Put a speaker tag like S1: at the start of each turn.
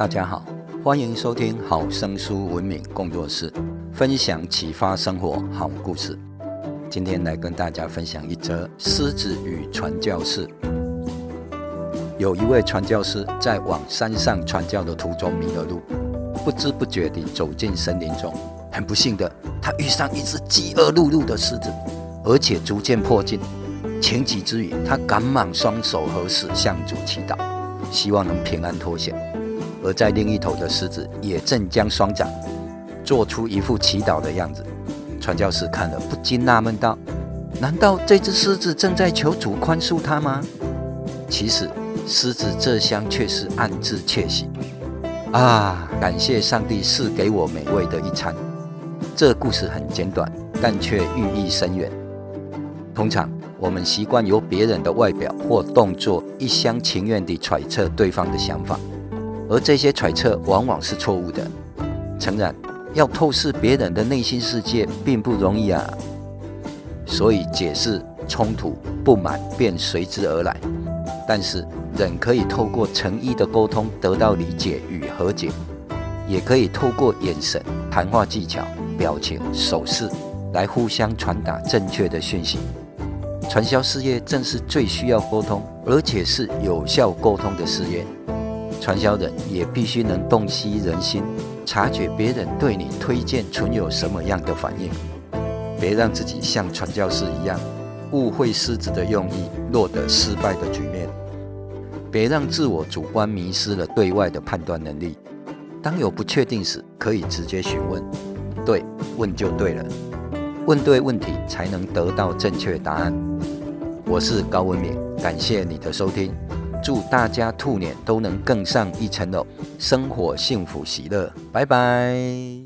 S1: 大家好，歡迎收聽好生疏文明工作室，分享啟發生活好故事。今天來跟大家分享一則獅子與傳教士。有一位傳教士在往山上傳教的途中迷了路，不知不覺地走進森林中。很不幸的，他遇上一隻飢餓轆轆的獅子，而且逐漸迫近。情急之餘，他趕忙雙手合十向主祈禱，希望能平安脫險。而在另一頭的獅子也正將雙掌做出一副祈禱的樣子，傳教士看了不禁納悶道：“難道這只獅子正在求主寬恕它嗎？”其實，獅子這廂卻是暗自竊喜：“啊，感謝上帝賜給我美味的一餐。”這故事很簡短，但卻寓意深遠。通常，我們習慣由別人的外表或動作，一廂情願地揣測對方的想法。而這些揣測往往是錯誤的。誠然，要透視別人的內心世界並不容易啊。所以，解釋衝突、不滿便隨之而來。但是，人可以透過誠意的溝通得到理解與和解，也可以透過眼神、談話技巧、表情、手勢來互相傳達正確的訊息。傳銷事業正是最需要溝通，而且是有效溝通的事業。傳銷人也必須能洞悉人心，察覺別人對你推薦存有什麼樣的反應，別讓自己像傳教士一樣誤會獅子的用意，落得失敗的局面。別讓自我主觀迷失了對外的判斷能力。當有不確定時，可以直接詢問。對，問就對了，問對問題才能得到正確答案。我是高文敏，感謝你的收聽。祝大家兔年都能更上一層樓，哦，生活幸福喜樂，拜拜。